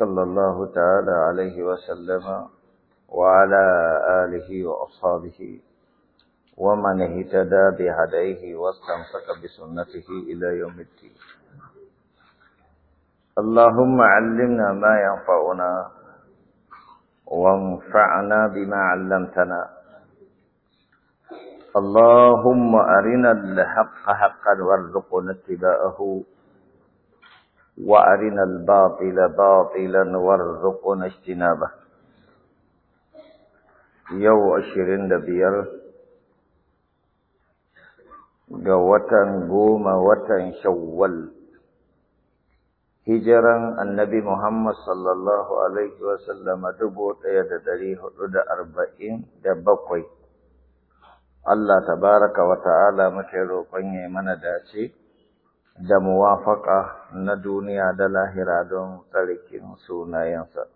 صلى الله تعالى عليه وسلم وعلى آله وأصحابه ومن اهتدى بهديه واستمسك بسنته إلى يوم الدين اللهم علمنا ما ينفعنا وانفعنا بما علمتنا اللهم أرنا الحق حقا وارزقنا اتباعه وأرنا الباطل باطلا وارزقنا اجتنابه يو أشرين دبير جوتا قوم وتا شوال هجرا النبي محمد صلى الله عليه وسلم دبوت يد دريه رد أربعين دبقوي الله تبارك وتعالى متروقين من داسي da muwafaka na duniya da lahira don tsarkin sunayensa.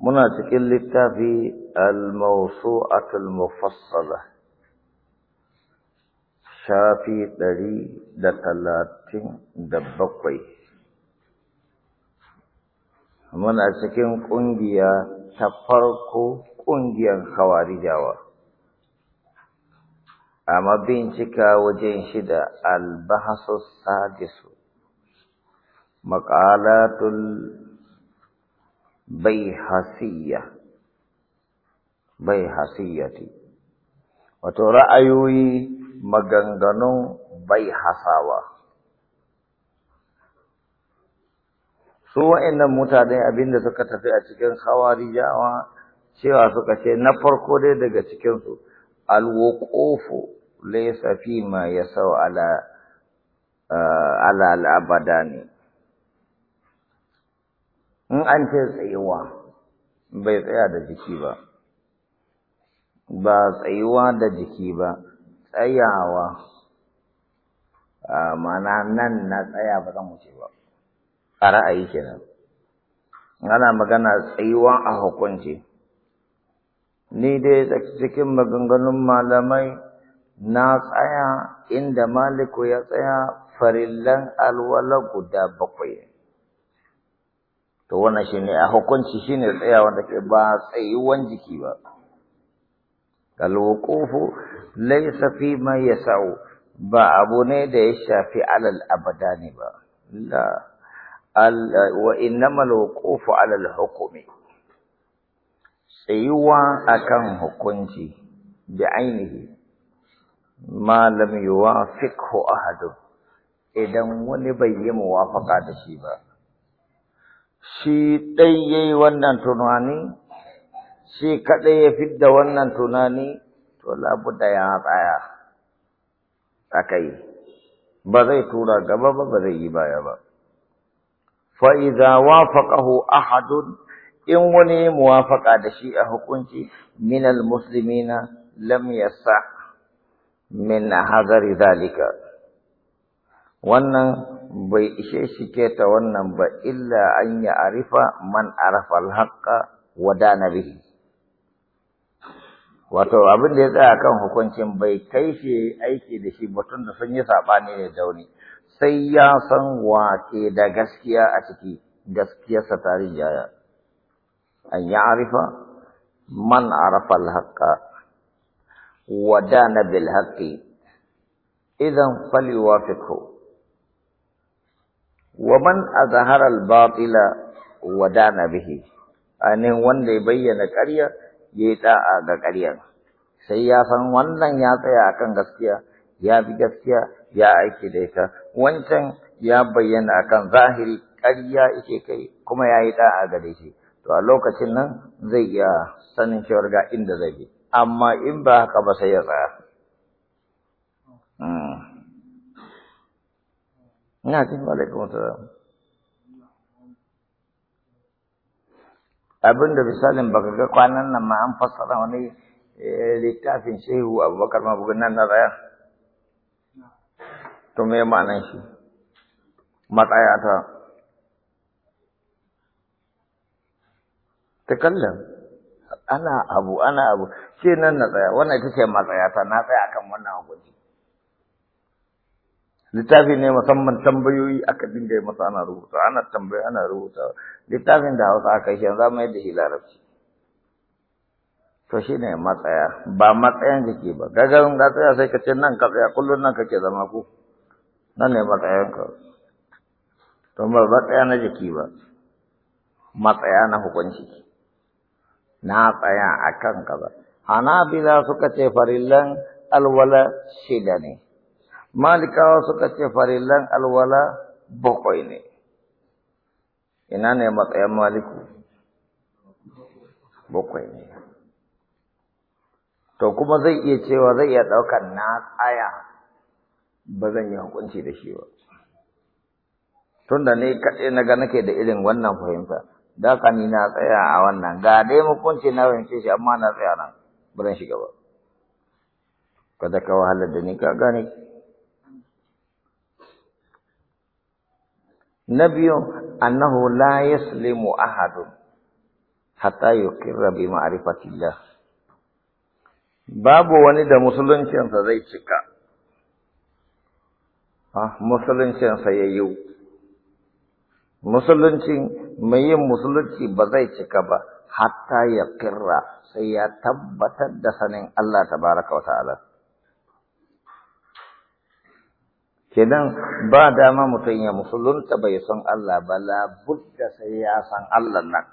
Muna cikin littafi al-mawsu'atul mufassala shafi ɗari da talatin da bakwai. Muna cikin ƙungiya ta farko ƙungiyar Khawarijawa. amma bincika wajen shida albahasu sadisu maqalatul baihasiyya baihasiyati wato ra'ayoyi maganganun baihasawa su wa'annan mutane abinda suka tafi a cikin hawarijawa cewa suka ce na farko dai daga cikinsu alwokofu ma فيما ala uh, Ala al-abadani in an ce tsayuwa bai tsaya da jiki ba ba tsayuwa da jiki ba tsayawa mana nan na tsaya ba zan wuce ba a ra'ayi kenan ana magana tsayuwa a hukunci ni dai cikin maganganun malamai na tsaya inda maliku ya tsaya farillan alwala guda bakwai to wannan ne a hukunci shi shine tsaya wanda ke ba tsayuwan jiki ba alwakufu laisa fi ma yasau ba abu ne da ya shafi alal abada ne ba la al wa innamal wuqufu alal hukumi. tsayuwa akan hukunci da ainihi malam yuwafiqhu ahadun idan wani bai yi muwafaka da shi ba shi ɗai yayi wannan tunani shi kaɗai ya fidda wannan tunani to labuda ya tsaya akai ba zai tura gaba ba ba zai yi baya ba fa idza wafaqahu ahadun in wani muwafaka da shi a hukunci minal muslimina lam yasah min hazari zalika wannan bai ishe shi ke ta wannan ba illa an ya arifa man arafa alhaqa wa dana bihi wato abin da ya tsaya kan hukuncin bai kai shi aiki da shi batun da sun yi saɓani ne da wani sai ya san wake da gaskiya a ciki gaskiyarsa ta rijaya an ya arifa man arafa alhaqa ودان بالحق إذا فليوافقه ومن أظهر الباطل ودان به أنه ya yi ɗa'a ga ƙaryar. sai ya san wannan ya tsaya akan gaskiya ya bi gaskiya ya aiki da ita wancan ya bayyana akan zahiri ƙarya yake kai kuma ya yi ga gare shi to a lokacin nan zai iya sanin cewar ga inda zai bi amma in ba haka ba sai ya tsaya hmm. ina abin da misalin baka ga kwanan nan ma an fassara wani eh, littafin shehu abubakar nan na to me ma'anan shi matsaya ta ana abu ana abu ce nan na tsaya wannan ita ce matsayata na tsaya akan wannan hukunci littafi ne musamman tambayoyi aka dinga yi masa ana rubuta ana tambaya ana rubuta littafin da hausa aka shi yanzu mai da shi larabci to shi ne matsaya ba matsayan kake ba gagarin ka tsaya sai ka ce nan ka tsaya kullum nan kake zama ko nan ne matsayan ka to ba matsaya na jiki ba matsaya na hukunci na tsaya akan kaza Hanabila suka ce farillan alwala shida ne, Malikawa suka ce farillan alwala bakwai ne. Ina ne matsayin Maliku? Bakwai ne. To kuma zai iya cewa zai iya ɗaukar na tsaya ba zan yi hukunci da shi ba. Tunda ne kaɗai na ga nake da irin wannan fahimta, da ni na tsaya a wannan, ga dai hukunci na fahimce shi amma na tsaya nan. Barin shiga ba kada ka wahalar da ni ka gane na biyu annahu la yaslimu ahadun hatta yuqirra bi ma'rifatillah babu wani da musuluncinsa zai cika ah sa yayyu musuluncin mai yin musulunci ba zai cika ba hatta ya kirra sai ya tabbatar da sanin Allah Ta baraka wa ta'ala kidan ba dama mutum ya musulunta bai san Allah ba la sai ya san Allah nan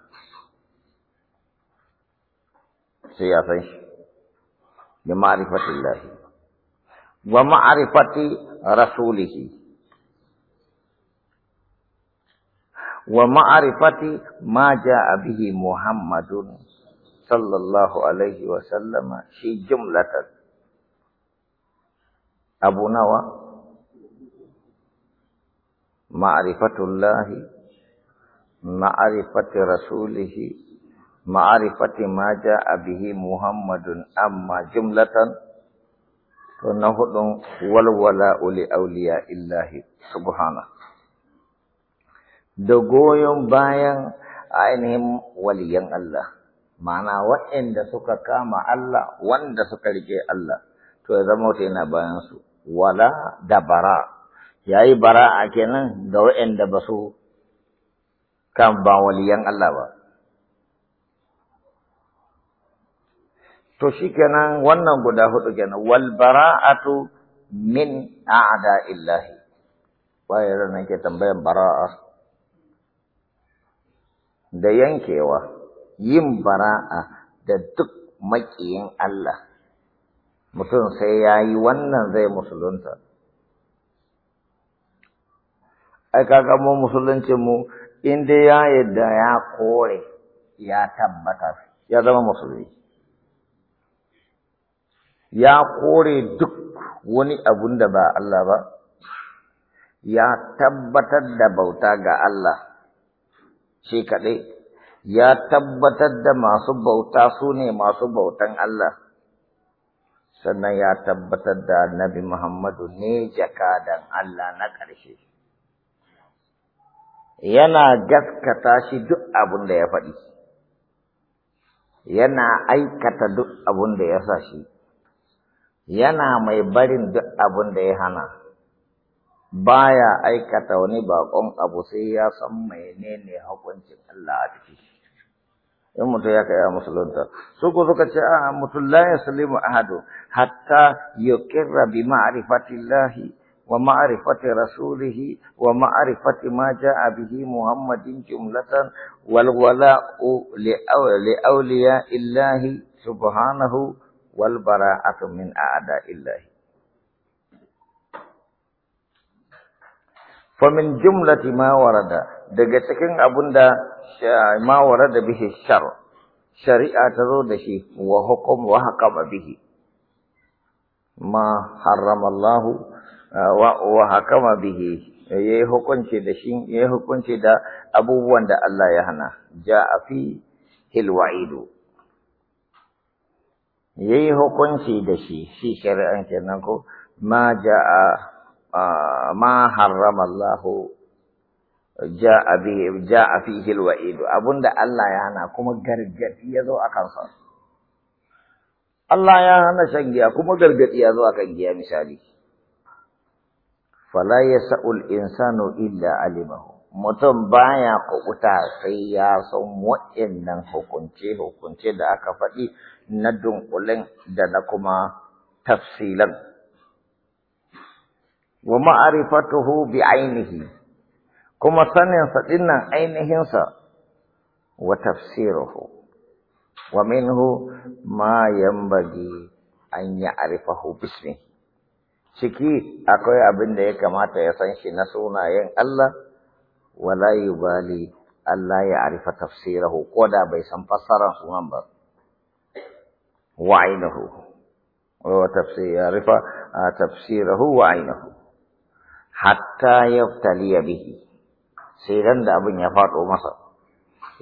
sai ya san shi bi wa ma'rifati rasulihi. ومعرفة ما جاء به محمد صلى الله عليه وسلم في جملة أبو نوى معرفة الله معرفة رسوله معرفة ما جاء به محمد أما جملة فنهض والولاء لأولياء الله سبحانه da goyon bayan ainihin waliyan Allah ma'ana wa'inda suka kama Allah wanda suka rike Allah to ya zama wata yana bayan su wala da bara yayi bara a kenan ga wa'inda ba su kan ba waliyan Allah ba to shi kenan wannan guda hudu kenan wal bara'atu min illahi wa ranan ke tambayan bara'a da yankewa yin bara'a da duk maƙiyin Allah mutum sai ya yi wannan zai musulunta ai kaga mu musulunci mu in dai ya yadda ya kore ya tabbata ya zama musulmi ya kore duk wani abun da ba Allah ba ya tabbatar da bauta ga Allah shi kaɗai ya tabbatar da masu bauta su ne masu bautan Allah sannan ya tabbatar da nabi Muhammadu ne jakadan Allah na ƙarshe yana gaskata shi duk abin da ya faɗi yana aikata duk abin da ya sa shi yana mai barin duk abin da ya hana baya aikata wani bakon abu sai ya san menene hukuncin Allah a ciki in mutum ya kai musulunta su ko suka ce a mutum la yaslimu ahadu hatta yuqirra bi ma'rifatillahi wa ma'rifati rasulihi wa ma'rifati ma ja'a bihi muhammadin jumlatan wal wala'u li awliya illahi subhanahu wal bara'atu min a'da illahi famin jumlati ma warada daga cikin abun da ma warada bihi shar shari'a ta zo da shi wa hukum wa haqama bihi ma harrama Allah wa wa haqama bihi yayi hukunci da shi yayi hukunci da abubuwan da Allah ya hana ja'a fi wa'idu yayi hukunci da shi shi shari'an kenan ko ma ja'a ma ja ja'a bi ja'a fihi alwa'id abunda Allah ya hana kuma gargadi ya akan sa Allah ya hana shan giya kuma gargadi yazo zo akan giya misali fala yas'ul insanu illa alimahu mutum baya kukuta sai ya san waɗannan hukunce-hukunce da aka faɗi na dunƙulen da na kuma tafsilan. wa ma'arifatuhu bi ainihi kuma sanin sa dinnan ainihin sa wa tafsiruhu wa minhu ma yambagi an ya'rifahu bismi ciki akwai abin da ya kamata ya san shi na sunayen Allah wala yubali Allah ya arifa tafsirahu ko da bai san fassarar sunan ba wa ainihi wa tafsirahu wa ainihi hatta yaftaliya bihi sai ran da abin ya faɗo masa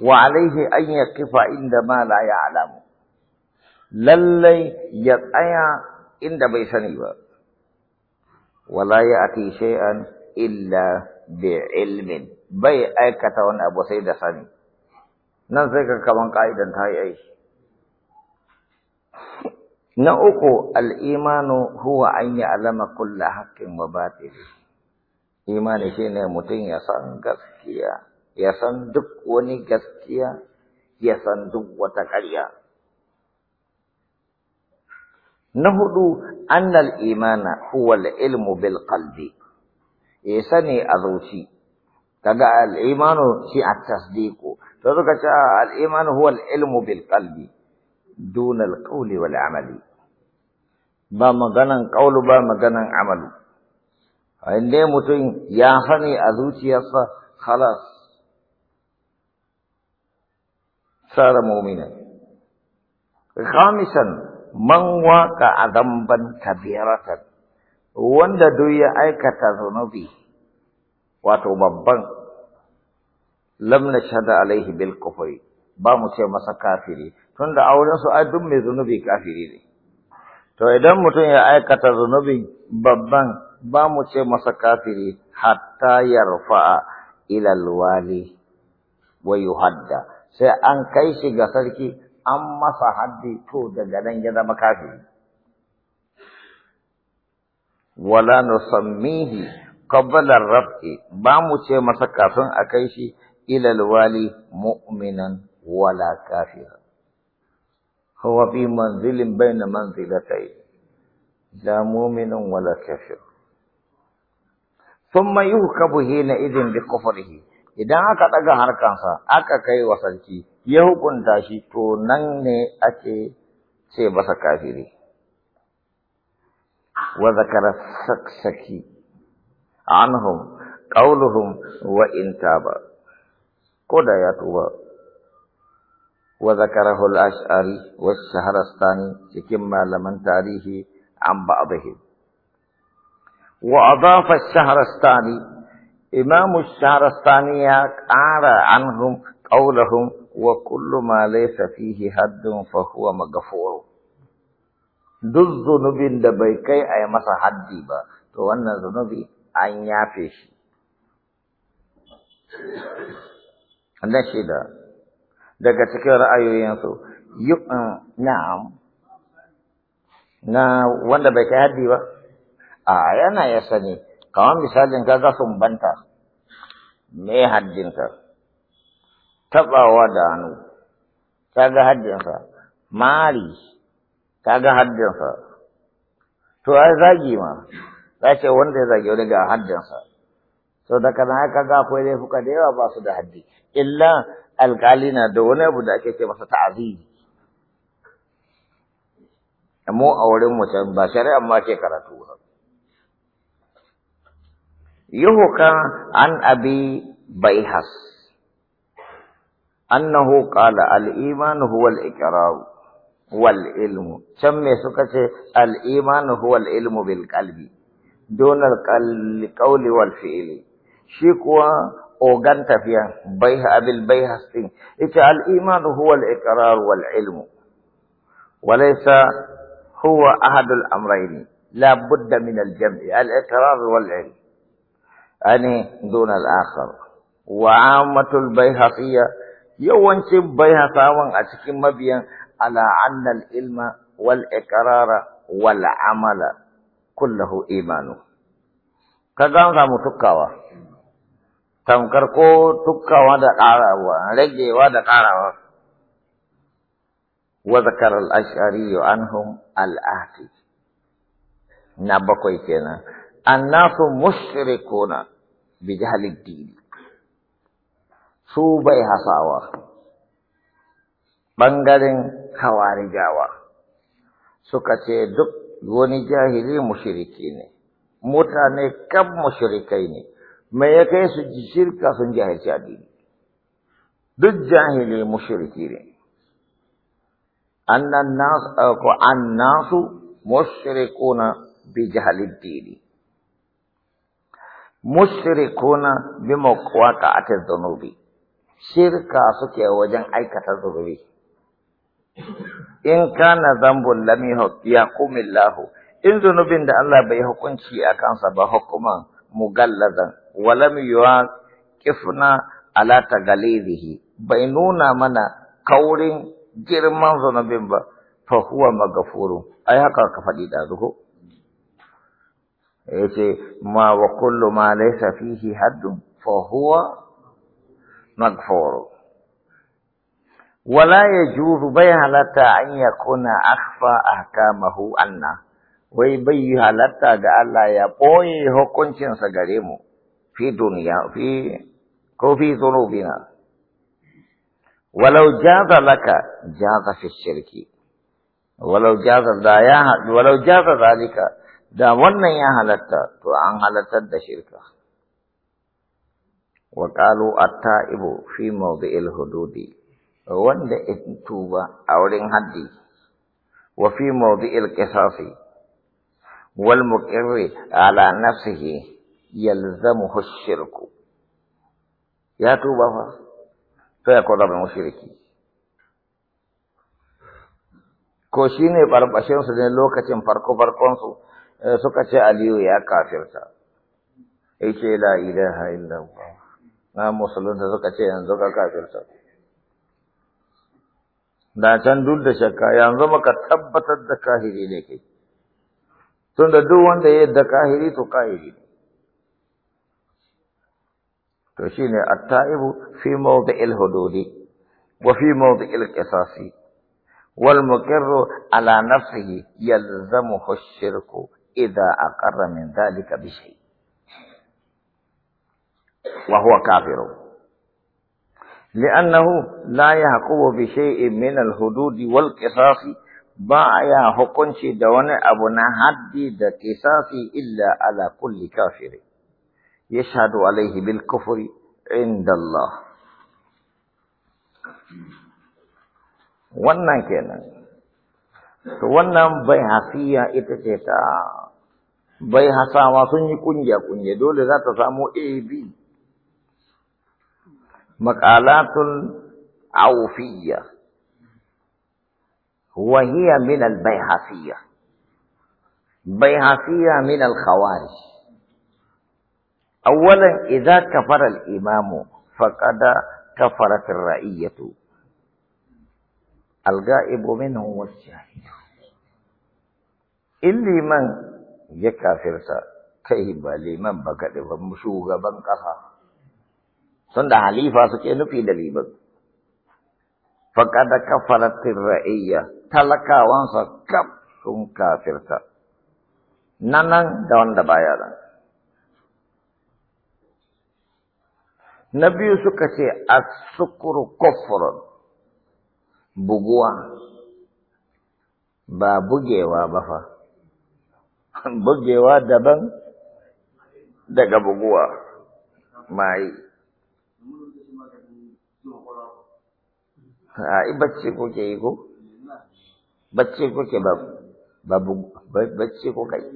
wa alaihi an yaqifa inda ma la lallai ya tsaya inda bai sani ba wala ya'ti shay'an illa bi ilmin bai aikata wani abu sai da sani nan sai ka kaman ka'idan ta yi aiki na uku al'imanu huwa an yi alama kulla haƙƙin wa batili imani shine mutum ya san gaskiya ya san duk wani gaskiya ya san duk wata ƙarya na hudu annal imana huwa ilmu bil qalbi ya sani a kaga al imanu shi at tasdiqu to suka ce al imanu huwa al ilmu bil qalbi duna al qawli wal amali ba maganan qawlu ba maganan amalu inda mutum ya sani a zuciyarsa halas tsara mumina khamisan man waka damban kabiratan wanda duk ya aikata zunubi wato babban lamna shada alaihi bil kufri ba mu ce masa kafiri tunda auren su ai duk mai zunubi kafiri ne To idan mutum ya aikata zunubi babban ba mu ce masa kafiri hatta yarfa'a ilal wali wa yuhadda sai an kai shi ga sarki an masa haddi to daga nan ya zama kafiri. Wala nusammihi qabla rafi ba mu ce masa kafin a kai shi ilal wali mu'minan wala kafira. huwa manzilin baina manzilatai la mu'minun wala kafir thumma yuhkabu hina idin bi kufrihi idan aka daga harkansa aka kai wa sarki ya hukunta shi to nan ne ake ce masa kafiri wa zakara saksaki anhum qauluhum wa intaba. ko da ya tuba وذكره الأشعري والشهرستاني كما لمن تاريه عن بعضه وأضاف الشهرستاني إمام الشهرستاني أعرى عنهم قولهم وكل ما ليس فيه حد فهو مغفور duk zunubin da bai kai a yi masa haddi ba, to wannan zunubi an yafe shi. Wannan shi daga cikin ra'ayoyinsu um, na'am na wanda bai kai haddi ba a yana ya sani kamar misalin kaga sumbanta me haddinka tabawa da hannu kaga haddinsa mari kaga haddinsa to ai zagi ma za ce wanda ya zagi wani ga haddinsa to da kana haka ga akwai laifuka da yawa ba su da haddi illa alƙali na da wani abu da ake ce masa ta mu a wurin mutum ba shari'a ma ke karatu ba kan an abi baihas annahu qala al-iman huwa al-iqrar wal ilmu can me suka ce al-iman huwa al-ilmu bil qalbi دون القول والفعل kuwa اوغان تفيا بيها ابي البيها الايمان هو الاقرار والعلم وليس هو احد الامرين لا بد من الجمع الاقرار والعلم اني دون الاخر وعامة البيهقية يوان بيها بيهقا وان مبين على أن العلم والإقرار والعمل كله إيمان كذا غامو tamkar ko tukkawa da ƙarawa ragewa da ƙarawa wa zakar al anhum al-ahdi na bakwai kenan annasu mushrikuna bi jahlid din su bai hasawa bangaren hawarijawa suka ce duk wani jahili mushriki ne mutane kan mushrikai ne mai ya kai su shirka sun jahilci addini duk jahili mushriki ne annan nasu eh, ko annasu mushrikuna bi jahalid mushrikuna bi mawqa'ati dhunubi shirka suke wajen aikata zunubi in kana zambun lam yahkumillahu in zunubin da Allah bai hukunci a kansa ba hukuman mugallazan walam yuwa kifna alata tagalidihi bai nuna mana kaurin girman zunubin ba fa huwa magafurun ai haka ka faɗi da zuko yace ma wa kullu ma laysa fihi haddun fa huwa magfuru wala yajuzu bai halatta an yakuna akhfa ahkamahu anna wai bai halatta ga Allah ya ɓoye hukuncinsa gare mu في دنيا في كوفي ذنوبنا ولو جاز لك جاز في الشرك ولو جاز دا ولو جاز ذلك دا ون يا هلتا تو ان هلتا دا شركا وقالوا التائب في موضع الحدود وند توبة أولين هدي وفي موضع القصاص والمقر على نفسه yalzamuhu shirku ya tuba fa to ya koda mai mushriki ko shine barbashin su ne lokacin farko farkon su eh, suka ce aliyu ya kafirta yace la ilaha illallah na musulunta suka ce yanzu ka kafirta da can duk da shakka yanzu maka tabbatar da kahiri ne kai tunda duk wanda ya da kahiri to kahiri ne فشين التائب في موضع الهدود وفي موضع القصاص والمقر على نفسه يلزمه الشرك إذا أقر من ذلك بشيء وهو كافر لأنه لا يحقب بشيء من الهدود والقصاص ما يحقن شدون أبنى حد قصاص إلا على كل كافرين يشهد عليه بالكفر عند الله wannan kenan to wannan bai hasiya ita ce ta bai hasawa sun yi kungiya kungiya dole za ta samu AB maqalatul awfiyya wa hiya min al-bayhasiyya bayhasiyya min al-khawarij awwalan idza kafara al-imamu faqad kafarat ar-ra'iyatu al-ga'ibu minhu was-shahid illiman ya kafirta kai ba liman ba kaɗai ba shugaban ƙasa sun da halifa suke nufi da liman faƙada kafaratin ra'ayya talakawansa kaf sun kafirta nan nan da wanda baya nan na biyu suka ce a sukuru kufrun buguwa ba bugewa ba fa bugewa daban daga buguwa mai a bacci kuke yi ko bacci kuke ba ba bacci kuka yi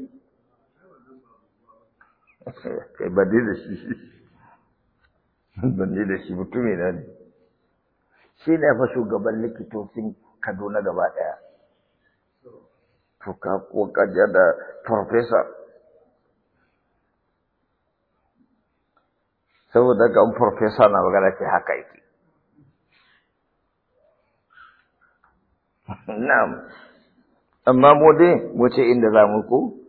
kai ba da shi banne da shi mutumi na ne shi ne fa shugaban likitocin kaduna gaba ɗaya to ka kokaja da farfesa saboda ga farfesa na magana ce haka yake na'am amma mu dai mu ce inda zamu mu ku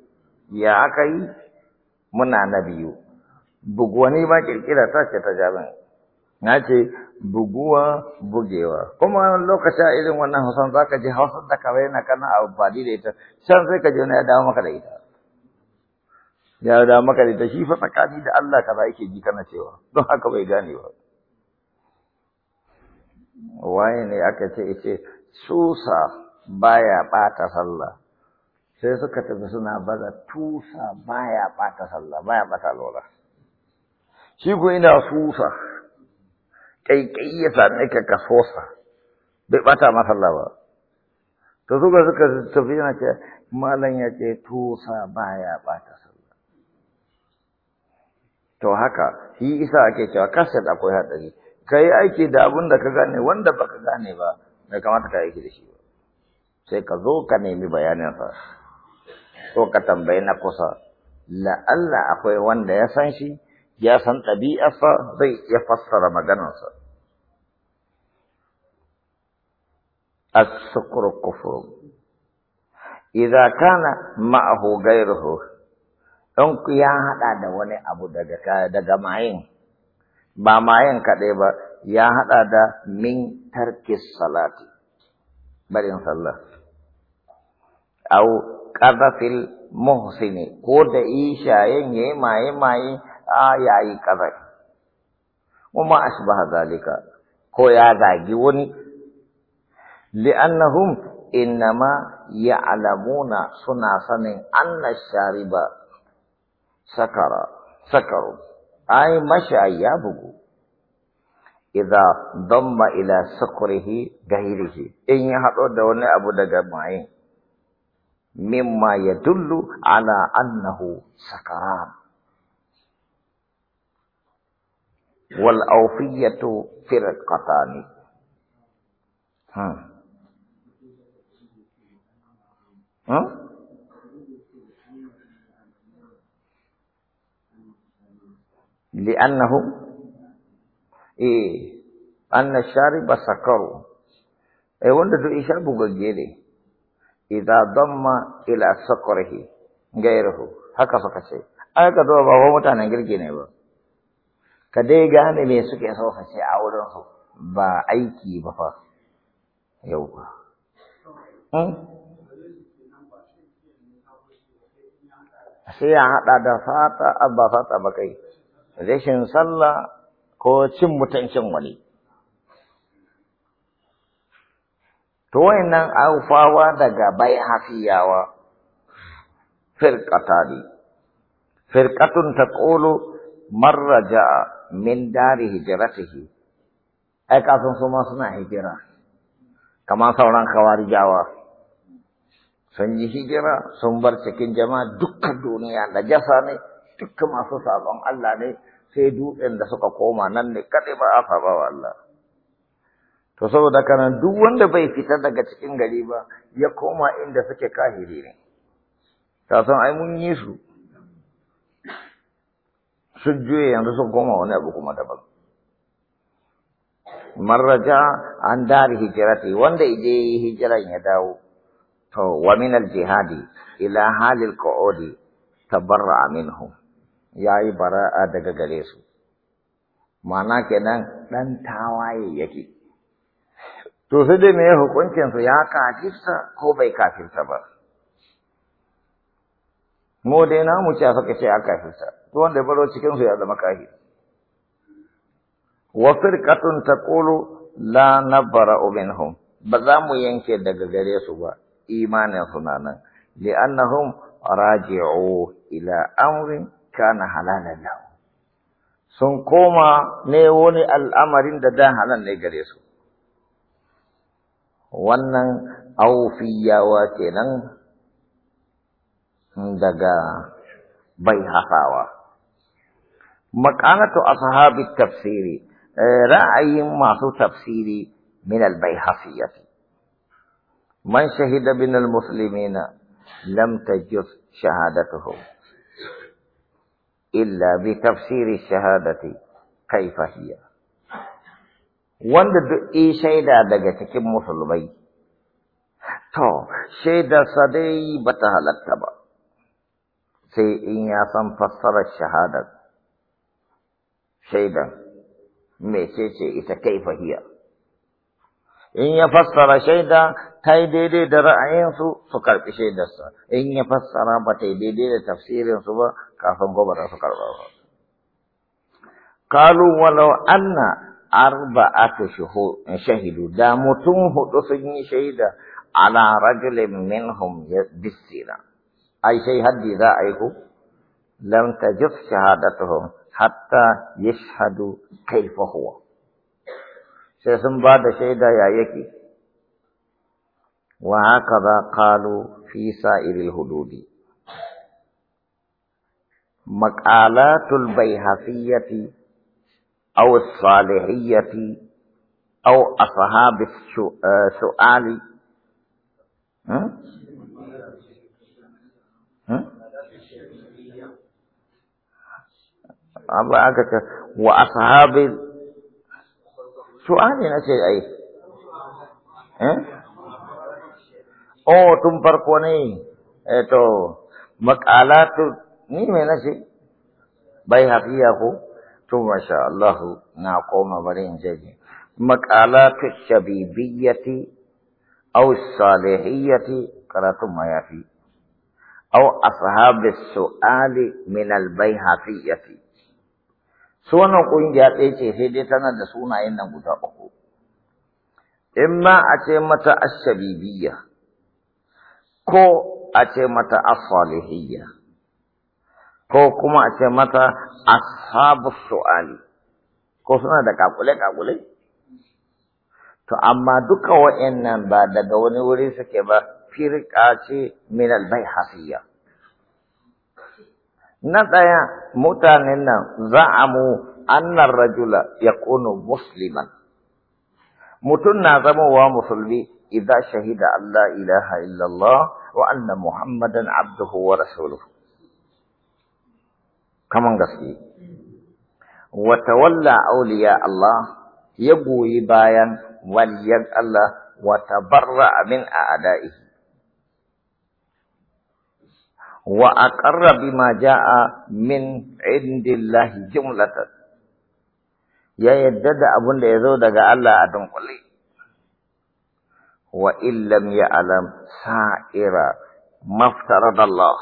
ya aka yi muna na biyu buguwani ba kirkira ta ce ta jami'a na ce buguwa bugewa kuma lokacin irin wannan hausan za ka ji hausar da kawai na kana bali da ita can sai ka ji wani ya dawo maka da ita ya dawo maka da ita shi fa tsakani da Allah ka za yake ji kana cewa don haka bai gane ba waye ne aka ce ice susa baya bata sallah sai suka tafi suna baza tusa baya bata sallah baya bata lura shi ko yana susa ƙaiƙayi ya sa ka ka sosa bai bata masalla ba to suka suka tafi yana ce malam ya ce sa baya bata sallah to haka shi isa ake cewa kaset akwai haɗari ka yi aiki da abin da ka gane wanda baka gane ba bai kamata ka aiki da shi sai ka zo ka nemi bayanin sa, ko ka tambayi na kusa la'alla akwai wanda ya san shi ya san ɗabi'arsa zai iya fassara maganarsa. As-sukru idza kana ma'ahu ghayruhu in ku ya haɗa da wani abu daga daga mayin ba mayin kaɗai ba ya haɗa da min tarki salati barin sallah au qadafil muhsini ko da yin yi maye maye a yayi kaza kuma asbaha zalika ko ya zagi wani li'annahum innama ya'lamuna suna sanin anna shariba sakara sakaru ai mashayi bugu idza damma ila sukrihi gairihi in ya hado da wani abu daga mai mimma yadullu ala annahu sakaran wal aufiyatu firqatani ha hmm? لأنهم e anna الشارب سكر E wanda duk isha buga ne idan damma ila sakrihi gairuhu haka suka ce aka ka zo ba mutanen girki ne ba ka dai gane me suke so ka ce a wurin ba aiki ba fa yau ba hmm? sai ya haɗa da fata abba fata ba kai rashin sallah ko cin mutuncin wani to wayannan aufawa daga bai hafiyawa firqatani firqatun taqulu marra jaa min dari hijratihi ai kafin su suna hijira kamar sauran kawarijawa sun yi hijira sun bar cikin jama'a dukkan duniya jasa ne duka masu saɓon Allah ne sai dutsen da suka koma nan ne kaɗai ba a sabawa Allah to saboda kana duk wanda bai fita daga cikin gari ba ya koma inda suke kahiri ne ta san ai mun yi su sun juye yanzu sun koma wani abu kuma daban marraja an dari hijirati wanda ije yi hijiran ya dawo to wa min jihadi ila halil qu'udi tabarra minhum yayi bara'a daga gare su ma'ana kenan ɗan tawaye yake to sai dai me hukuncin su ya kafirta ko bai kafirta ba mu dai na mu ce aka ce a kafirta wanda ya baro cikin su ya zama kahi wa firqatun taqulu la nabra'u minhum ba za mu yanke daga gare su ba imanin su nan annahum raji'u ila amrin kana halalan lahu sun koma ne wani al'amarin da dan halal ne gare su wannan aufiyawa kenan daga bai hafawa. مكانة أصحاب التفسير آه، رأي ما هو تفسيري من البيهقية من شهد من المسلمين لم تجز شهادته إلا بتفسير الشهادة كيف هي وند اي شهد ادغه تك مسلمي تو شهد صدي بتهلك تبا سي ان يا فسر الشهاده shaidan mecece ita kai fahiya in ya fassara shaida ta yi daidai da ra'ayinsu su karɓi shaidarsa in ya fassara ba ta yi daidai da tafsirinsu ba kafin gwamnati su karɓa ba kalu walau anna arba'atu shahidu da mutum hudu sun yi shaida ala rajulin minhum bisira ai sai haddi za a yi ku lam tajif shahadatuhum حتى يشهد كيف هو سيسم بعد يا يكي وهكذا قالوا في سائر الحدود مقالات البيهفية أو الصالحية أو أصحاب السؤال آه، amma aka ce wa ashabi su'ali na ce ai eh oh tun farko ne eh to maqalatu ni me na ce bai hafiya ko to masha Allah na koma bari in je maqalatu shabibiyyati aw salihiyati karatun mayafi aw ashabi su'ali min al-bayhafiyyati su wannan ƙungiya ɗaya ce sai dai tana da sunayen nan guda uku in ma a ce mata ashabibiyya ko a ce mata asalihiyya ko kuma a ce mata ashabu su'ali ko suna da kakule-kakule to amma duka wa'annan ba daga wani wuri suke ba firka ce min hasiya Na ɗaya mutanen nan za a mu annan rajula ya kunu musliman. Mutum na zamowa musulmi idan shahida Allah ilaha illallah wa anna Muhammadan abduhu wa rasuluhu. Kaman gaske. wata walla auliya Allah ya goyi bayan waliyan Allah wata tabarra min a'da'ihi. wa aqarra bima jaa min indillahi jumlatan ya yadda da abun da yazo daga Allah a dunkule wa illam ya'lam sa'ira maftaradallah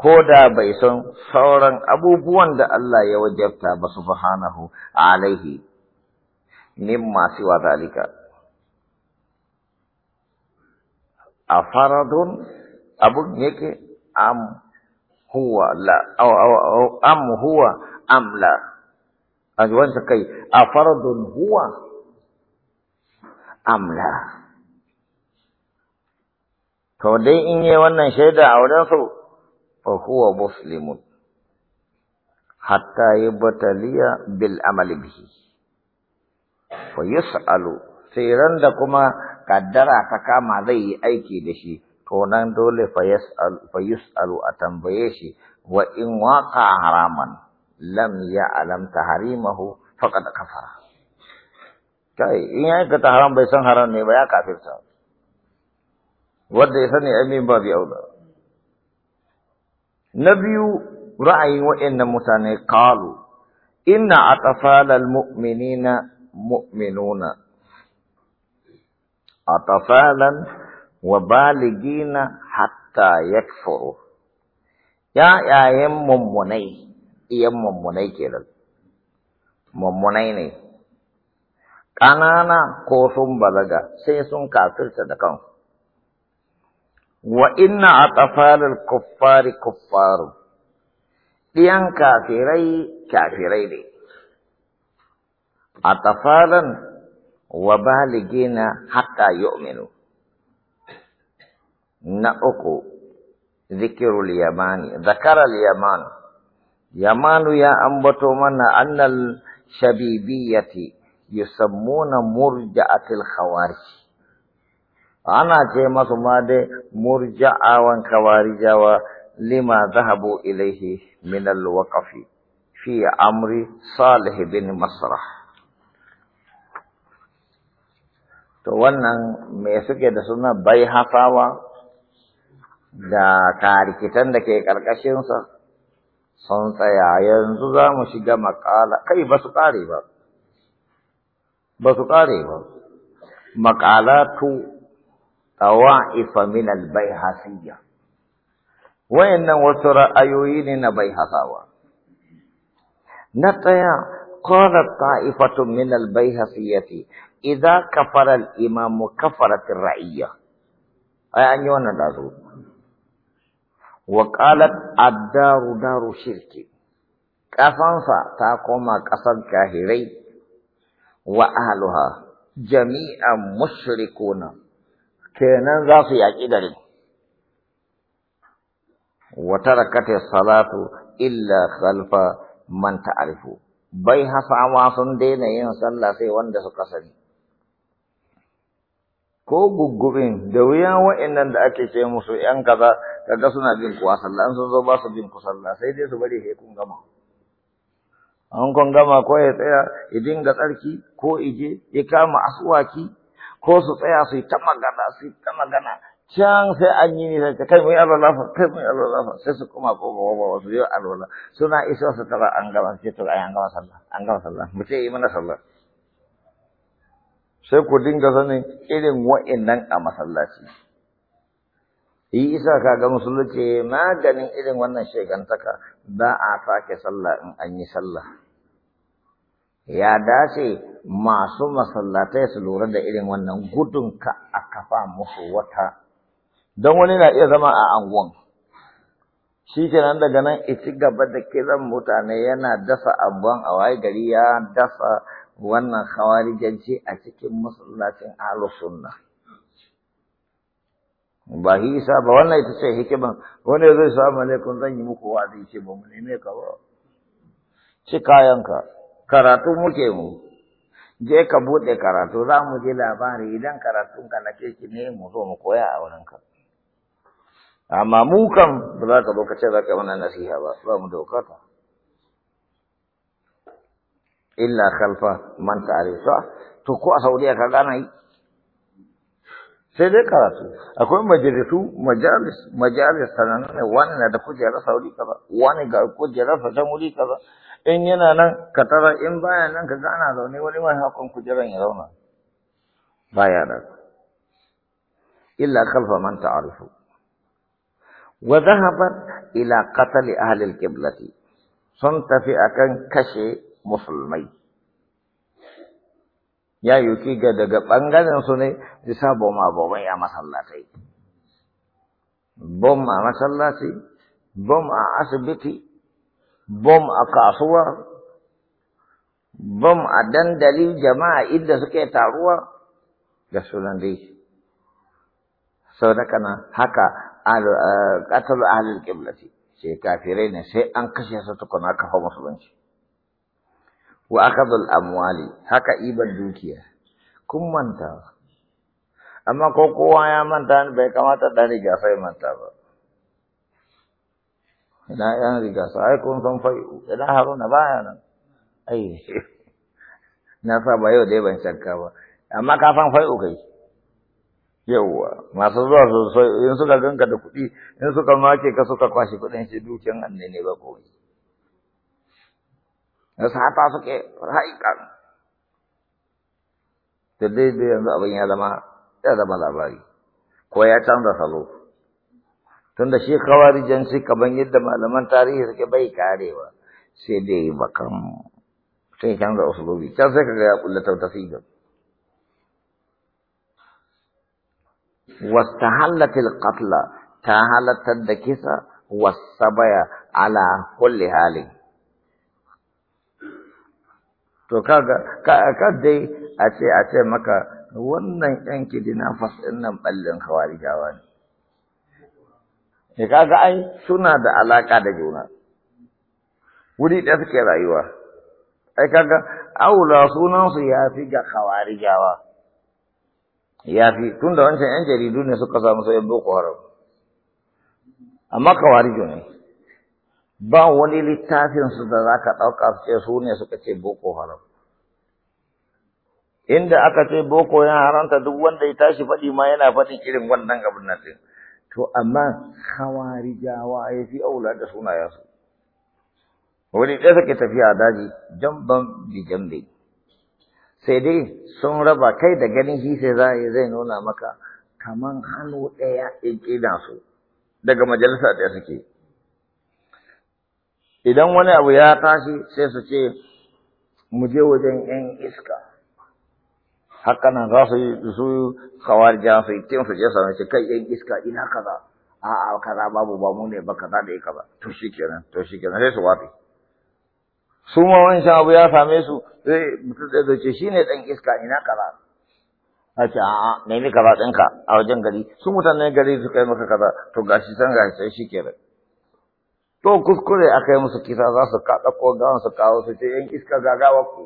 ko da bai san sauran abubuwan da Allah ya wajabta ba subhanahu alaihi mimma siwa zalika a faradun abun yake am huwa la aw aw am huwa am la ajwan sakai kai huwa am la to dai in yi wannan shaida a wurin su fa huwa muslimun hatta bataliya bil amali bihi fa yus'alu sai ran da kuma kaddara ta kama zai yi aiki da shi to nan dole fa yus'alu a tambaye shi wa in waqa haraman lam ya alam taharimahu faqad kafara kai in ya ga haram bai san haram ne ba kafir sa wanda ya sani amin babu aula nabiyu biyu ra'ayin wa'annan mutane qalu inna al mu'minina mu'minuna atfalan wa baligina hatta yakfuru ‘ya'yayen mummunai iyan mummunai kenan mummunai ne ƙanana ko sun balaga sai sun kafirta da kan wa inna a tsafarar kuffari kuffaru ɗiyan kafirai kafirai ne a tsafaran wa baligina hatta yu'minu na uku zikirul yamani zakarar yaman yamanu ya ambato mana annal shabibiyyati yusammuna murja'atil khawarij ana ce masu ma dai murja'awan khawarijawa lima zahabu ilaihi min alwaqfi fi amri salih bin masrah to wannan me suke da suna bai hafawa? da karikitan da ke karkashin sa sun tsaya yanzu za mu shiga makala kai ba su kare ba ba su kare ba maƙalatu tawa'ifa min al albaihasiyya wayannan wasu ra'ayoyi ne na bayhasawa na tsaya ta'ifatu min al-bayhasiyyati قالت طائفة من البيهقية إذا كفر الإمام كفرت الرعية wannan da zuwa wa qalat daru shirki Ƙasarsa ta koma ƙasar kahirai wa jami'an mushrikuna kenan za su yaƙi dare Wata tarakati salatu illa khalfa man ta'rifu bai hasawa sun daina yin sallah sai wanda suka sani ko guggubin da wuya wa'annan da ake ce musu yan kaza kaga suna bin kuwa sallah an sun zo ba su bin ku sallah sai dai su bari sai kun gama an kun gama ko ya tsaya ya dinga tsarki ko ije ya kama asuwaki ko su tsaya su yi ta magana su yi ta magana can sai an yi nisa ta kai mai alwala fa kai mai alwala fa sai su koma ko ba ba wasu yau alwala suna isa su tara an gama sai to an gama sallah an gama sallah mu ce yi mana sallah sai ku dinga sanin irin wa'annan a masallaci yi isa ka ga musulunci maganin irin wannan shegantaka ba a sake sallah in an yi sallah ya dace masu masallatai su lura da irin wannan gudun ka a kafa musu wata don wani na iya zama a anguwan shi kenan daga nan ci gaba da kiran mutane yana dasa abuwan a waye gari ya dasa wannan khawarijanci a cikin masallacin ahlus sunna ba hisa ba wannan ita ce hikiman wani zai samu alaikum zan yi muku wa'azi ce ba mu ne ka ba ci kayanka karatu muke mu je ka bude karatu za mu ji labari idan karatun ka na keke ne mu zo mu koya a wurin ka amma mu kan ba za ka zo ka ce za ka mana nasiha ba ba mu dokata illa khalfa man ta'rifa to ko a Saudiya ka gana yi sai dai karatu akwai majalisu majalis majalis sanan ne wani na da kujerar Saudi kaza wani ga kujerar sa wuri kaza in yana nan ka tara in baya nan ka gana ana zaune wani mai hakon kujeran ya zauna baya nan illa khalfa man ta'rifu wa dhahabat ila qatl ahli al-qiblati sun tafi akan kashe musulmai ya yuki ga daga ɓangaren su ne su sa boma bomai a masallatai bom a masallaci bom a asibiti bom a kasuwa bom a dandali jama'a inda suke taruwa da sunan dai sau da kana haka eh, ƙatar ahalin ƙiblati sai kafirai ne sai an kashe su tukuna kafa musulunci wa akadul amwali haka ibar dukiya kun manta amma ko kowa ya manta bai kamata dan riga sai manta ba ina yan riga sai kun san fa ina haruna baya nan ai na sa ba yau dai ban shakka ba amma ka san fai'u kai yawwa masu zuwa sosai in suka ganka da kuɗi in suka make ka suka kwashi kuɗin shi dukiyan annene ba kowai sata suke haƙiƙan da dai yanzu abin ya zama labari ko ya canza salo tunda shi kawarijanci kaban yadda malaman tarihi suke bai karewa sai dai bakan sai canza usulobi can sai kaga ya kulla tautasigar واستحلت القتل تهلت الدكسة والصبي على كل حال to kaga ka dai a ce a ce maka wannan yan fas ɗin nan ɓallin hawarijawa ne Ka eh, kaga ai suna da alaƙa da juna wuri ɗaya suke rayuwa ai kaga aula sunansu ya fi ga ya fi tun da wancan ƴan jaridu ne suka samu sai boko haram amma khawarijo ne ba wani littafinsu da za ka ɗauka ce su ne suka ce boko haram inda aka ce boko ya haramta duk wanda ya tashi faɗi ma yana faɗin irin wannan abin nan ɗin to amma hawarijawa ya fi aula da sunayensu wani ɗaya suke tafiya daji jamban bi jambe sai dai sun raba kai da ganin shi sai za zai nuna maka kaman hannu ɗaya in ƙina su daga majalisa ɗaya suke idan wani abu ya tashi sai su ce mu je wajen yan iska haka nan za su yi su ja su yi tin su je su ce kai yan iska ina kaza a'a kaza babu ba mu ne ba kaza da kaza to shikenan to shikenan sai su wafi su ma wancan abu ya same su sai mutum da zace shine dan iska ina kaza a ce a'a nemi kaza ɗinka a wajen gari su mutanen gari su kai maka kaza to gashi san gashi sai shi kenan. to kuskure aka yi musu kisa za su kaɗa ko gawan su kawo su ce yan iska gagawa ku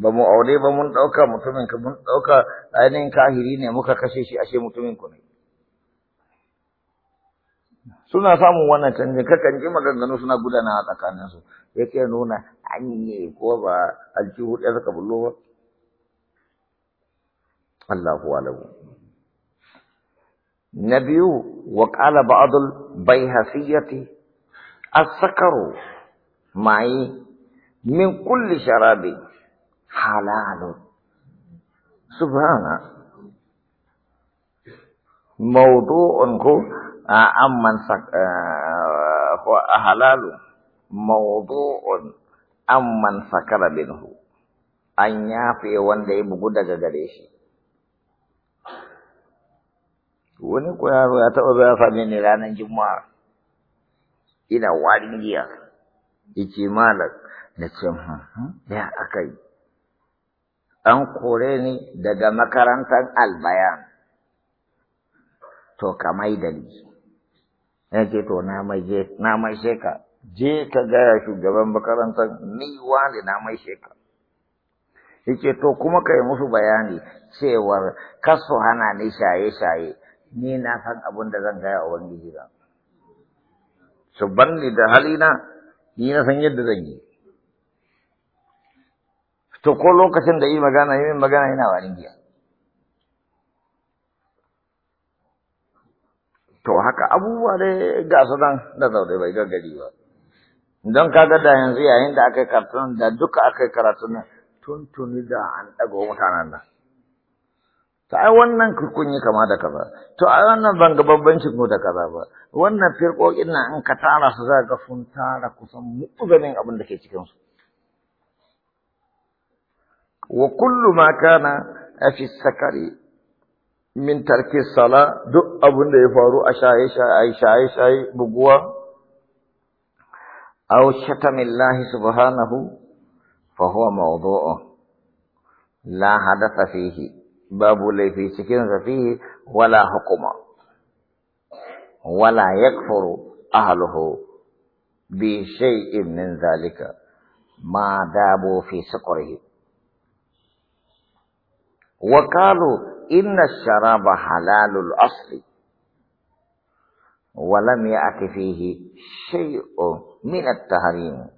ba mu aure ba mun ɗauka mutumin ka mun ɗauka ainihin kahiri ne muka kashe shi ashe mutumin ku ne suna samun wannan canjin kakan ji maganganu suna gudana a tsakaninsu yake nuna an yi ko ba aljihu ɗaya suka bullo ba Allahu alamu na biyu wa ƙala ba'adul bai hasiyati asakaro mai min kulli sharabi halalu subhana mawdu'un ko amman halalu mawdu'un amman sakara binhu an yafe wanda ya bugu daga gare shi wani ko ya taɓa zafa ni ranar juma'a ina warin giya yace malam na ce ya akai an kore ni daga makarantar albayan to ka maida ni na ce to na mai sheka je ka gaya shugaban makarantar ni wani na mai sheka yace to kuma kai musu bayani cewar kasu hana ni shaye-shaye ni na san abin da zan gaya a wani gidan su banni da halina ni na san yadda zan yi to ko lokacin da yi magana yi min magana yana warin giya to haka abubuwa dai ga su nan da zaune bai gaggari ba don kaga da yanzu yayin da aka yi karatun da duka aka yi karatun nan tuni da an ɗaga mutanen nan to ai wannan kun yi kama da kaza to ai wannan ban ga babbancin mu da kaza ba wannan firƙoƙin nan in ka tara su za ga sun tara kusan mutuganin abin da ke cikin su wa kullu ma kana fi sakari min tarki sala duk abin da ya faru a shaye shaye shaye shaye buguwa aw shatamillahi subhanahu fa huwa mawdu'un la hadatha fihi babu laifi cikin fihi wala hukuma wala yakfuru ahluhu bi shay'in min zalika ma dabu fi suqrihi wa qalu inna ash-sharaba halalul asli wa lam ya'ti fihi shay'un min at-tahrim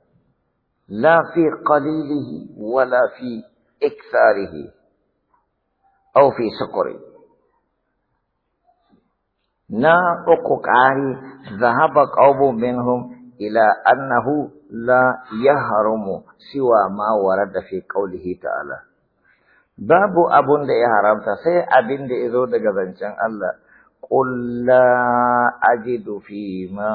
la fi qalilihi wala fi iktharihi au fi sukuri na uku ƙari zahaba ƙaubu minhum ila annahu la yahrumu siwa ma warada fi qawlihi ta'ala babu abun da ya haramta sai abin da yazo daga zancen Allah قل لا أجد فيما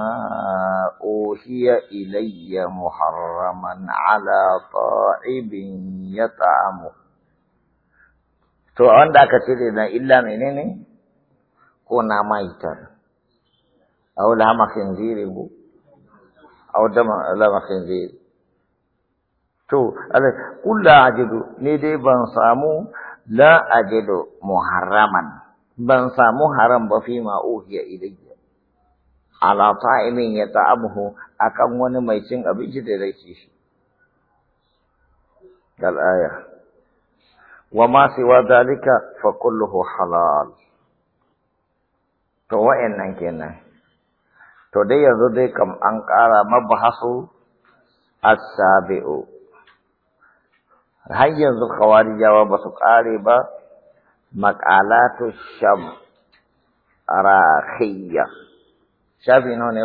أوحي إلي محرما على طاعم يطعمه to wanda aka cire na illa menene ko na maitar aw lama khinziri bu aw dama lama khinziri to ala kula ajidu ni dai ban samu la ajidu muharraman ban samu haram ba fi ma uhiya ilayya ala ta'imin a akan wani mai cin abinci da rai shi gal aya وما سوى ذلك فكله halal. to wa'annan kenan to dai yanzu dai kam an ƙara mabahasu as-sabi'u har yanzu kawarijawa ba su ƙare ba maƙalatu sham rakhiyya shafi nawa ne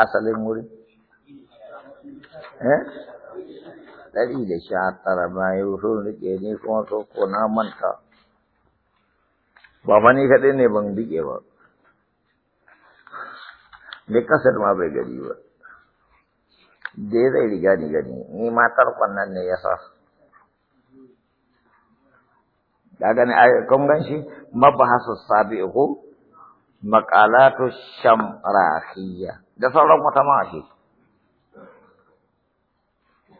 asalin wuri eh ɗari da sha tara bayan sun rike ni kuma so ko na manta ba fa ni kaɗai ne ban rike ba da ƙasar ma bai gari ba da zai riga ni gani ni matar kwannan ne ya sa da gani a kun gan shi mabahasu sabi ko maƙalatu shamrahiyya da sauran wata ma'ashi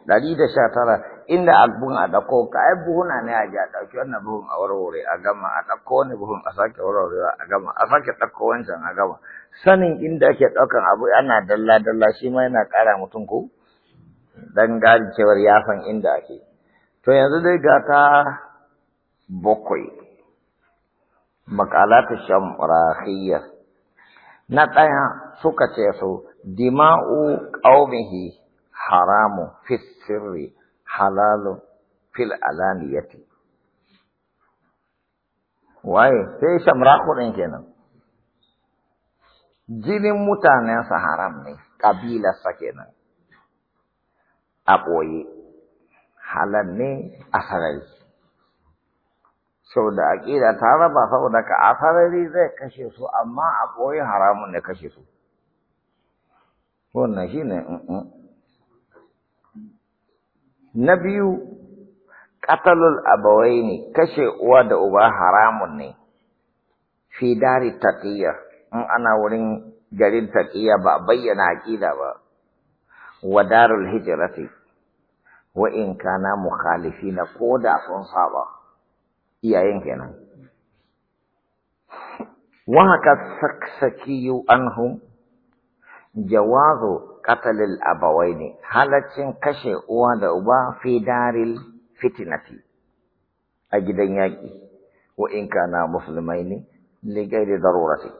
Dari da sha tara inda abun a dako kayan buhuna ne a ji a ɗauki wannan buhun a warware a gama a dako wani buhun a sake warware a gama a sake dako wancan a gama sanin inda ake ɗaukan abu ana dalla dalla shi ma yana ƙara mutum ko dan gari cewar ya san inda ake to yanzu dai ga ta bakwai makalatu shamrakhiyya na ɗaya suka ce su dima'u qaumihi haramun fi sirri halalu fil alaniyati waye sai shamraku kenan jinin sa haram ne ƙabilarsa kenan a halal ne a sarari saboda ta raba saboda ka a zai kashe su amma a haramun ne kashe su wannan na biyu abawai ne kashe uwa da uba haramun ne fi dari taƙiya in ana wurin garin taƙiya ba bayyana aƙida ba wa darul hijirati, wa in kana na ko da sun saba iyayen kenan wa haka saksakiyu anhum jawazu a abawaini halaccin kashe uwa da uba fi daril fitnati a gidan yaki. wa in kana muslimaini li ghairi darurati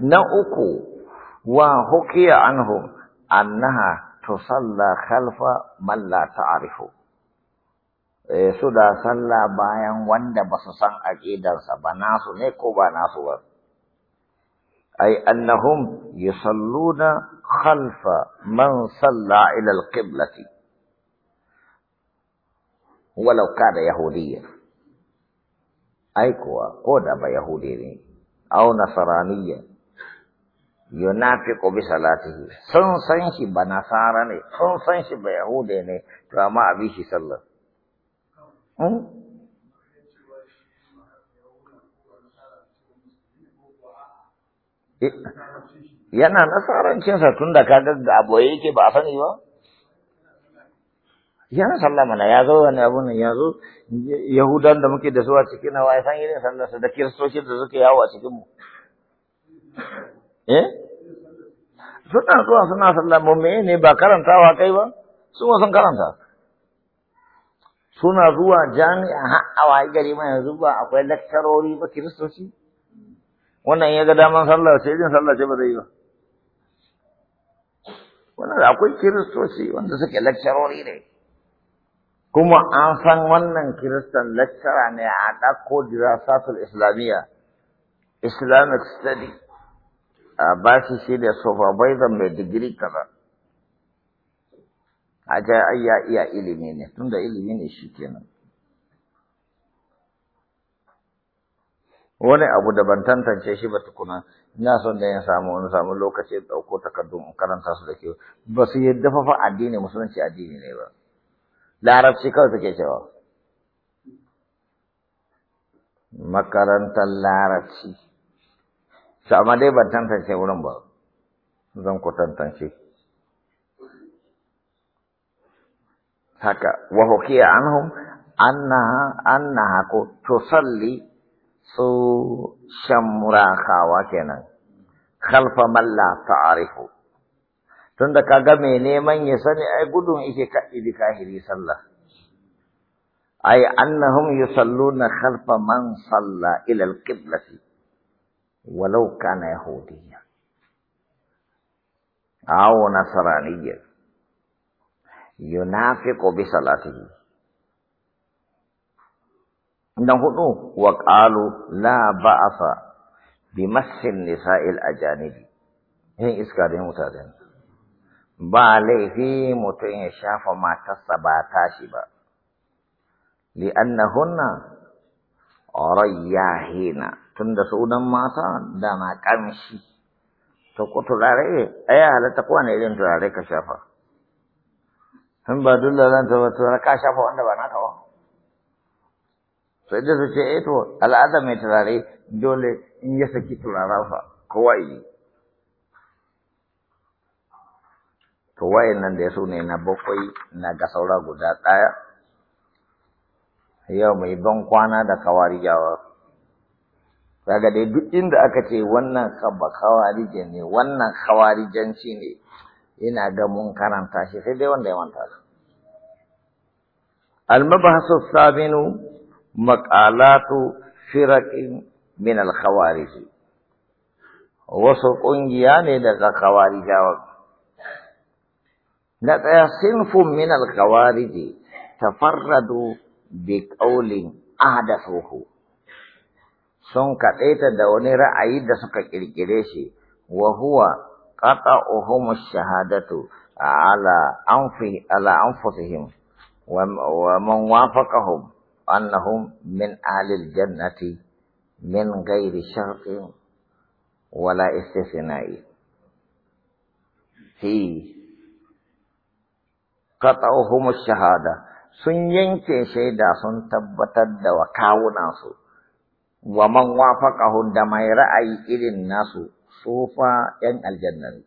na uku wa hukiya anhu annaha tusalla khalfa man la ta'rifu eh, su da sallah bayan wanda ba su san aqidarsa ba nasu ne ko ba nasu ba أي أنهم يصلون خلف من صلى إلى القبلة ولو كان يهوديا أي كوا قدم يهودي أو نصرانيا yunafiqu bi salatihi sun san shi ba nasara ne sun san ba ne to abi yana cinsa tun da kaga ga aboye yake ba a sani ba yana sallah mana ya zo wani abu ne ya zo yahudan da muke da su a cikin na ya san irin sallarsa da kiristoci da suke yawo a cikin mu eh suna zuwa suna sallah mu me ne ba karantawa kai ba su ma sun karanta suna zuwa jami'a har a wayi gari ma yanzu ba akwai lakcarori ba kiristoci wannan ya ga daman sallah sai jin sallah ce ba zai yi ba wannan akwai kiristoci wanda suke lakcarori ne kuma an san wannan kiristan lakcara ne a ɗako dirasatul islamiyya islamic study a ba shi da supervisor mai digiri kaza a iya ilimi ne tunda ilimi ne shi kenan wani abu da ban tantance shi ba tukuna ina son da ya samu wani samu lokaci da ɗauko takardun karanta su da ke. ba su yadda fa fa addini musulunci addini ne ba larabci kawai suke cewa makarantar larabci su amma dai ban tantance wurin ba zan ku tantance haka wa hukiya anhum annaha annaha ko tusalli su murakawa kenan khalfa man la tunda kaga mai neman ya sani ai gudun yake kaɗi bi kahiri sallah ay annahum yusalluna khalfa man salla ila al-qiblati walau kana yahudiyya aw nasraniyya yunafiqu bi salatihi na hudu wa ƙalu la ba'asa bi masin nisa'il Janibi. yin iska da mutanen ba laifi mutum ya shafa matarsa ba tashi ba li'annahunna rayyahina tunda sunan mata da kamshi to ko turare ai halatta ko irin turare ka shafa tun ba dole zan ta wata ka shafa wanda ba naka ba sai da su ce eto eh to al'ada mai turare dole in ya saki fa, kowa yi to wayan nan da ya so ne na bakwai na ga saura guda ɗaya yau mai ban kwana da kawarijawa daga dai duk inda aka ce wannan kaba kawarije ne wannan kawarijanci ne ina ga mun karanta shi sai dai wanda ya manta al-mabahasu sabinu maƙalatu firaƙin min alkhawariji wasu ƙungiya ne daga khawarijawa na ɗaya sinfun min alkhawariji tafarradu bi ƙaulin ahdathuhu sun kaɗaita da wani ra'ayi da suka ƙirƙire shi wa huwa qata'uhum shahadatu ala anfi ala anfusihim wa man wafaqahum أنهم min أهل الجنة من غير شرط ولا استثناء في قطعهم shahada. sun yanke shaida sun tabbatar da wa su wa man wafaqahu da mai ra'ayi irin nasu sufa ‘yan aljanna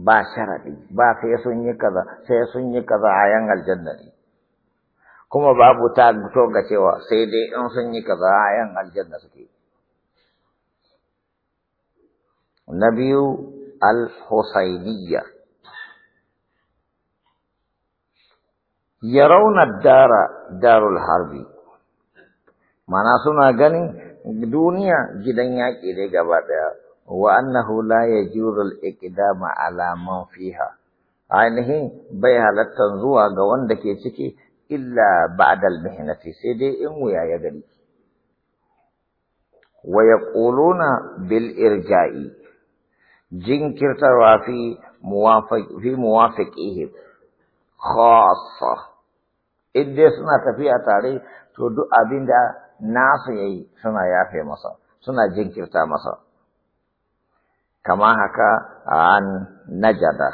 ba sharaɗi ba sai sun yi kaza sai sun yi kaza a ‘yan aljanna kuma babu ta to ga cewa sai dai in sun yi kaza 'yan aljanna suke na biyu al Ya yarawna dara darul harbi mana suna ganin duniya gidan yaƙi ne gaba ɗaya wa annahu la yajuzu al ala fiha ainihin bai halartar zuwa ga wanda ke ciki إلا بعد المهنة سيدي إن يدري ويقولون بالإرجاء جنكر في موافق في موافقهم خاصة إذا دي سنة تفيا تاري تودو أبين دا ناس يي سنة في مصر سنة كرتا مصر كما هكا عن نجدة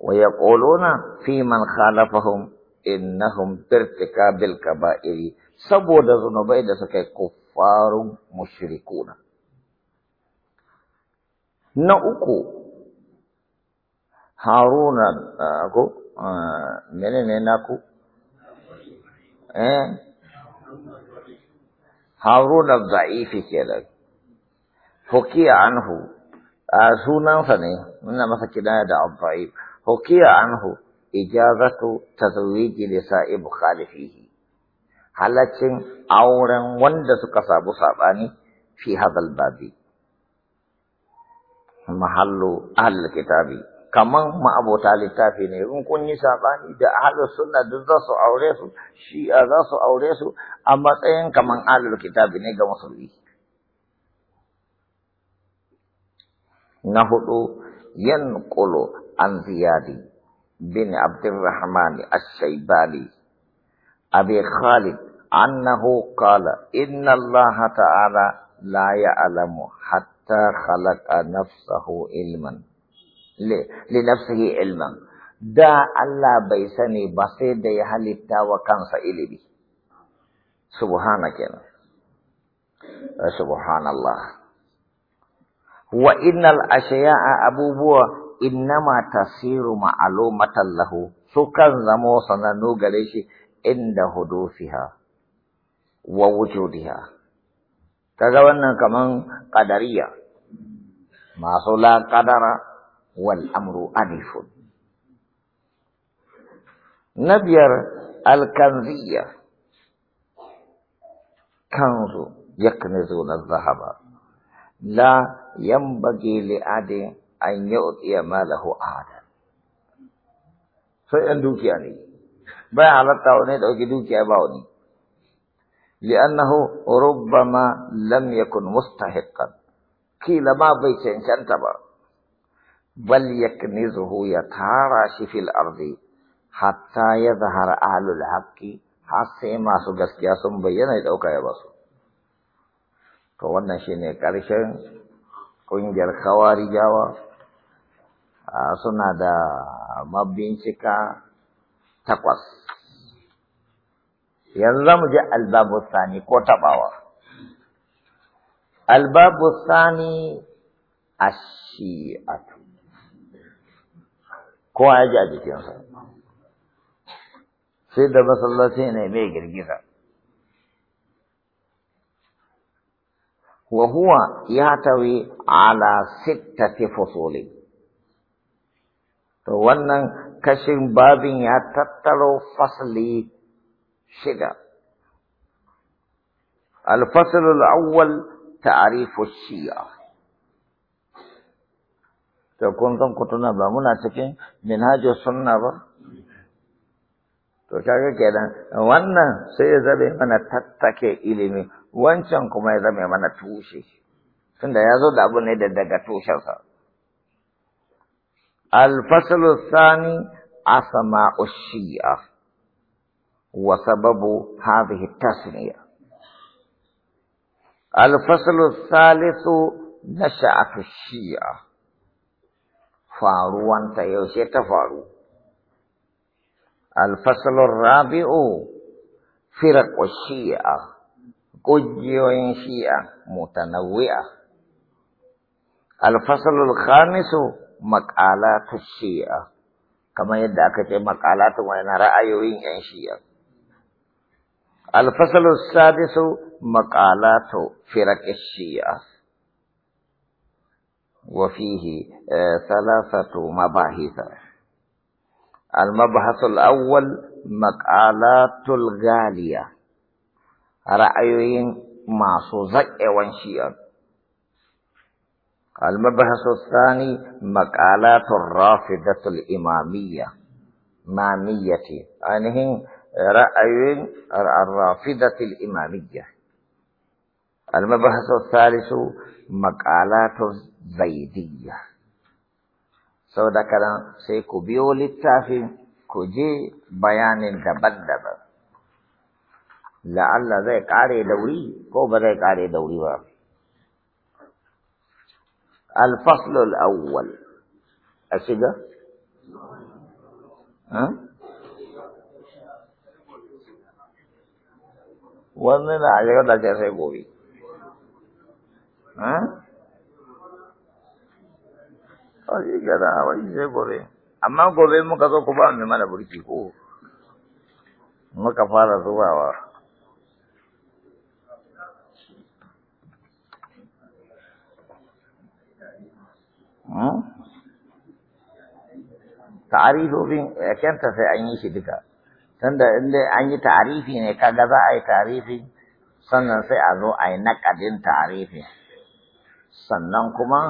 ويقولون في من خالفهم innahum birtika bil kaba'iri saboda zunubai da suka yi kuffarun mushrikuna na uku haruna ah, ko ah, menene naku eh haruna za'ifi kenan hukiya anhu a ah, sunansa ne muna masa kidaya da abba'i hukiya anhu ijazatu tazwiji li sa'ib khalifihi halaccin auren wanda suka sabu sabani fi hadal babi mahallu ahlul kitabi kaman ma'abota littafi ne in kun yi sabani da ahlus sunna duk za su aure su shi'a za su aure su a matsayin kaman ahlul kitabi ne ga musulmi na hudu kulo an ziyadi بن عبد الرحمن الشيباني أبي خالد أنه قال إن الله تعالى لا يعلم حتى خلق نفسه علما لنفسه علما دا الله بيسني بسيط يهلتا وكانس إلي سبحانك سبحان الله وإن الأشياء أبو بوه innama tasiru ma'alumatan lahu sukan zamo sanannu gare shi inda hudufiha wa wujudiha kaga wannan kaman qadariya masu la qadara wal amru anifun na biyar kanziya kanzu yaknizuna zahaba la yambagi li adin أن يؤتي ماله أحدا فإن دوكي أني بيع على التعونيت أو كدوكي أباوني لأنه ربما لم يكن مستحقا قيل ما بيت إن كان تبا بل يكنزه يتعراش في الأرض حتى يظهر أهل الحق حسي ما سجس كياسم بينا يتوقع يباسو فوانا شيني كاريشن كوين جر خواري جاوا suna da mabincika takwas. Yanzu za mu je albabu sani ko taɓawa. Albabu sani a shi'atu, kowa ya ji a jikinsa, sai da masallaci ne mai girgiza. وهو يحتوي على ستة فصول To wannan kashin babin ya tattaro fasali shida. الفصل awwal تعريف shi'a. to kun san kutuna ba muna cikin minhajo sunna ba to kaga kenan wannan sai ya zabe mana tattake ilimi wancan kuma ya zame mana tushe tunda ya zo da abu ne da daga tushensa الفصل الثاني أسماء الشيعة وسبب هذه التسمية الفصل الثالث نشأة الشيعة فارو أنت يوشيت فارو الفصل الرابع فرق الشيعة قجيو شيعة متنوعة الفصل الخامس makala ta shi'a kamar yadda aka ce makala ta wani ra'ayoyin yan shi'a alfasalu sadisu makala ta firaƙi shi'a wa fihi eh, salasatu mabahisa almabhasul awwal maqalatul ghaliya ra'ayoyin masu zaƙewan shi'a المبحث الثاني مقالات الرافضة الإمامية مامية يعني رأي الرافضة الإمامية المبحث الثالث مقالات الزيدية سودا كلام سيكو بيول التافي كجي بيان دبدب لعل ذي قاري دوري كو بذي قاري دوري بقى الفصل الأول أشجع ها wannan na ajiyar ta sai gobe ha a yi gara a wani sai gobe amma gobe muka zo ku ba mai mana ko muka fara zubawa Tarifofin kyanta sai an yi shi duka. Tunda in dai an yi tarifi ne kaga za a yi tarifi sannan sai a zo a yi naƙadin tarifi. Sannan kuma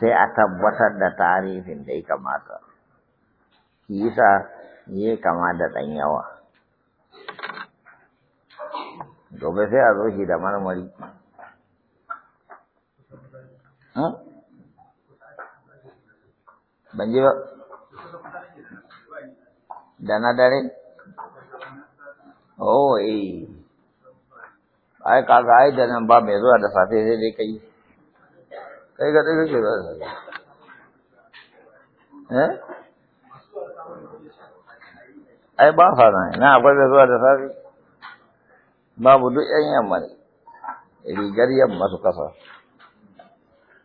sai a tabbatar da ta'arifin da ya kamata. Kisa ya kama da ɗan yawa. Gobe sai a zo shi da marmari. ban ji ba da na dare oh eh ai kaga ai da nan ba mai zuwa da safe sai dai kai kai ga dai kake ba eh ai ba fa nan na akwai mai zuwa da safe babu duk yan yamma rigar yamma su kasa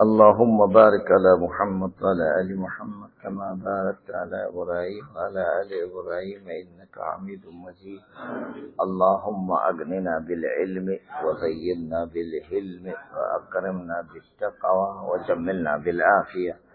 اللهم بارك على محمد وعلى آل محمد كما باركت على إبراهيم وعلى آل إبراهيم إنك حميد مجيد اللهم أغننا بالعلم وزينا بالحلم وأكرمنا بالتقوى وجملنا بالعافية